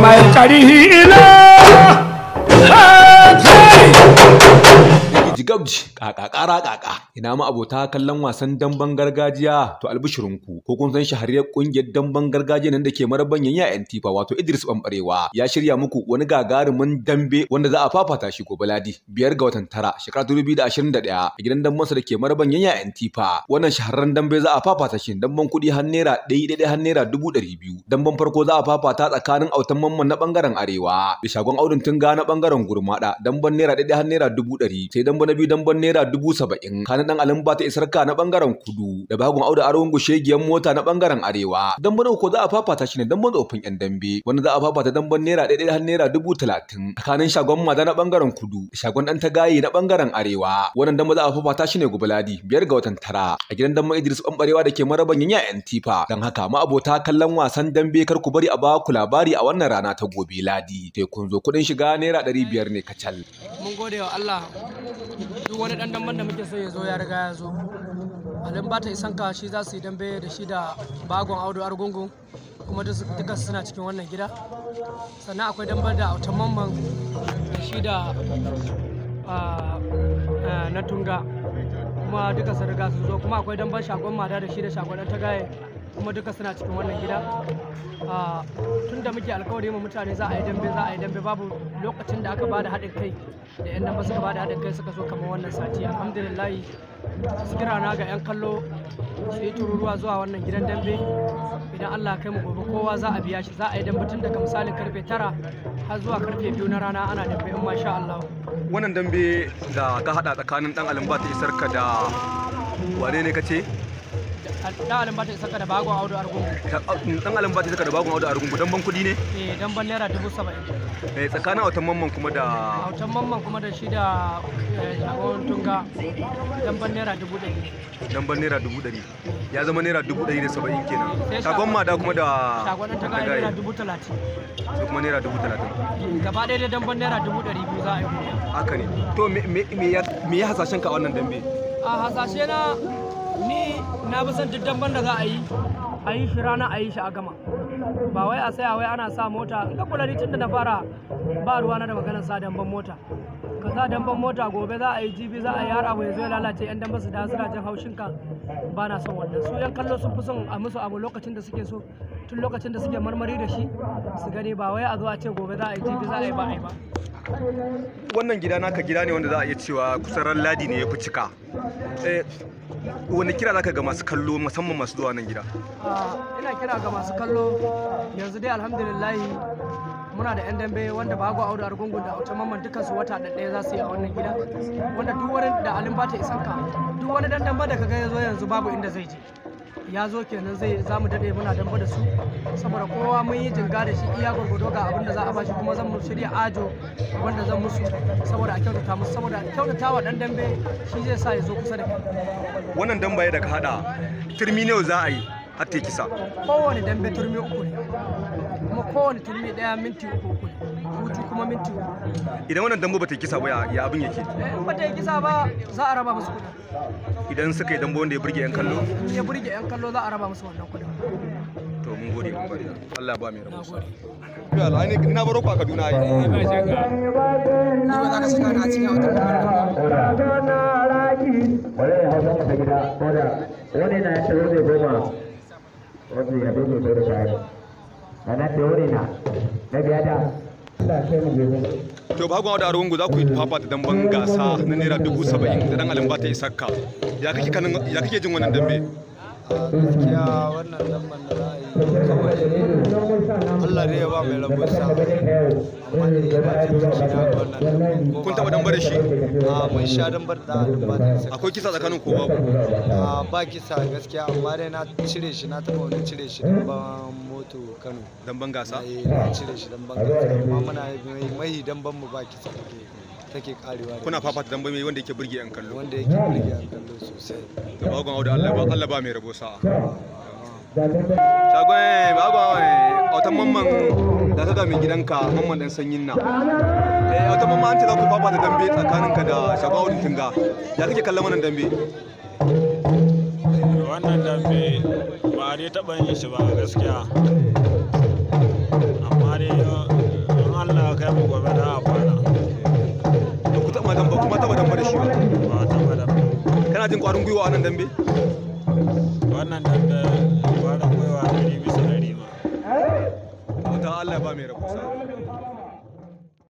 my chari hila. Hey! gabji gabji kaka kara kaka ina ma abota kallon wasan damben gargajiya to albishirinku ko kun san shahariyar kungiyar damban gargajiya nan da ke marabanyan ya Antifa wato Idris Bambarewa ya shirya muku wani gagarumin dambe wanda za a fafata shi gobe Ladi biyar ga watan tara shekara 2021 a gidan damban sa da ke marabanyan ya Antifa wannan shahararren dambe za a fafata shi damban kuɗi har naira ɗaya ɗaya har naira dubu ɗari biyu farko za a fafata tsakanin autan mamman na bangaren arewa da shagon audun tunga na bangaren gurmada damban naira ɗaya har naira dubu sai damban na biyu ban naira dubu saba'in kana dan alamba ta ka na bangaren kudu da bagon auda aron giyan mota na bangaren arewa ban ko za a fafata shi ne ban tsofin yan dambe wanda za a fafata ban naira ɗaya har naira dubu talatin tsakanin shagon mada na bangaren kudu shagon dan gaye na bangaren arewa wannan damban za a fafata shi ne gubuladi biyar ga watan tara a gidan damban idris bambarewa da ke maraban yanya yan tifa dan haka ma'abota kallon wasan dambe kar ku bari a ba ku labari a wannan rana ta gobe ladi sai kun zo kuɗin shiga naira ɗari biyar ne kacal. Mun gode wa Allah duk wani dan damban da muke sai ya zo ya riga ya zo alin ba ta isanka shi za su yi dambe da shi da bagon audu argungu kuma duka suna cikin wannan gida sannan akwai dambar da autan mamman da shi da ah, ah, na tunga kuma duka sun riga su zo kuma akwai dambar shagon mada da shi da shagon ta gaye kuma duka suna cikin wannan gida ah, tun da muke alkawari mu mutane za a yi dambe za a yi dambe babu lokacin da aka ba da haɗin kai da yan dambe suka ba da haɗin kai suka zo kamar wannan sati alhamdulillah kira na ga yan kallo su yi tururuwa zuwa wannan gidan dambe idan Allah kai mu gobe kowa za a biya shi za a yi dambe tun daga misalin karfe tara har zuwa karfe biyu na rana ana dambe in masha Allah wannan dambe da ka haɗa tsakanin dan alambata isarka da wane ne ka ce. dan alambata isa da bagon audu argungu dan alambata mm, isa da bagon audu argungu dan ban kudi ne eh dan ban naira dubu saba'in eh tsakanin autan mamman kuma da autan mamman kuma da shi da jagoran eh, tunga dan ban naira dubu ɗari dan ban naira dubu ɗari ya zama naira dubu ɗari da saba'in kenan shagon ma da kuma da shagon ta gaya naira dubu talatin su kuma naira dubu talatin gaba ɗaya dai dan ban naira dubu ɗari biyu za a yi haka ne to me ya hasashen ka wannan dambe a hasashe na ni na bi son duk damban da za a yi a yi shi rana a yi shi a gama ba wai a saya wai ana sa mota in ka kula ni tun na fara ba ruwa na da maganar sa damban mota ka sa damban mota gobe za a yi jibi za a yi har abu ya zo ya lalace yan damban su da suna jin haushin ka ba na son wannan su yan kallo sun fi son a musu abu lokacin da suke so tun lokacin da suke marmari da shi su gani ba wai a zo a ce gobe za a yi jibi za a yi ba a yi ba wannan gida naka gida ne wanda za a iya cewa kusan ran ladi ne ya fi cika eh, wani kira zaka ga masu kallo musamman masu zuwa nan gida ah, ina kira ga masu kallo yanzu dai alhamdulillahi muna da 'yan dambe wanda ba gwa auda argungun da auta mamman dukkan su wata da ɗaya za su yi a wannan gida wanda duk wani da alin ba ta isanka duk wani dan damba da kaga ya zo yanzu babu inda zai je ya zo kenan zai za mu daɗe muna damba da su saboda kowa mun yi jinga da shi iya gwargwado ga abin da za a bashi kuma zan shirya ajo wanda zan musu saboda a kyautata musu saboda kyautata wa dan dambe shi zai sa ya zo kusa da kai wannan damba da ka hada turmi ne za a yi har kisa kowane dambe turmi uku ne kuma kowane turmi daya minti uku uku hutu kuma minti uku idan wannan dambe bata kisa ba ya abin yake eh, in bata kisa ba za a raba musu kuɗi idan suka yi dambe wanda ya burge yan kallo ya burge yan kallo za a raba musu wannan kuɗin to mun gode mun bari Allah ba mai rabu Allah ne na baro ku a Kaduna ai ba za ka saka na cikin wata to ba gwa da rungu za ku yi tufafa da damban gasa na naira dubu saba'in da dan alamba ta isakka ya kake kanin ya kake jin wannan dambe gaskiya wannan damban da za a yi kawai Allah ne ya ba mai rabon sa amma ne ba dai yana cikin kun taba dambar shi a ah, mun sha dambar da akwai kisa tsakanin ko babu a ah, ba kisa gaskiya amma dai na cire shi na taba wani cire shi damban moto Kano damban gasa eh na cire shi damban gasa amma muna mai damban mu ba kisa take take karewa kuna fafata dambe mai wanda yake burge yan kallo wanda yake burge yan kallo sosai da bagon auda Allah ba Allah ba mai rabo sa'a ah, shagwai bagwai eh, autan mamman da ta dami gidanka mamman dan sanyin na eh autan mamman an ce za ku fafa da dambe tsakaninka da shagwai tunga ya kake kallon wannan dambe wannan dambe ba dai taɓa yin shi ba gaskiya amma dai don eh, allah ka mu gobe da a fara ba ku taɓa damba kuma taɓa dambe da shi ba ba taɓa damba kana jin ƙwarin gwiwa a nan dambe wannan dan da dabarar gwiwa ɗari bisa ɗari Mutan Allah ba mai rakusa.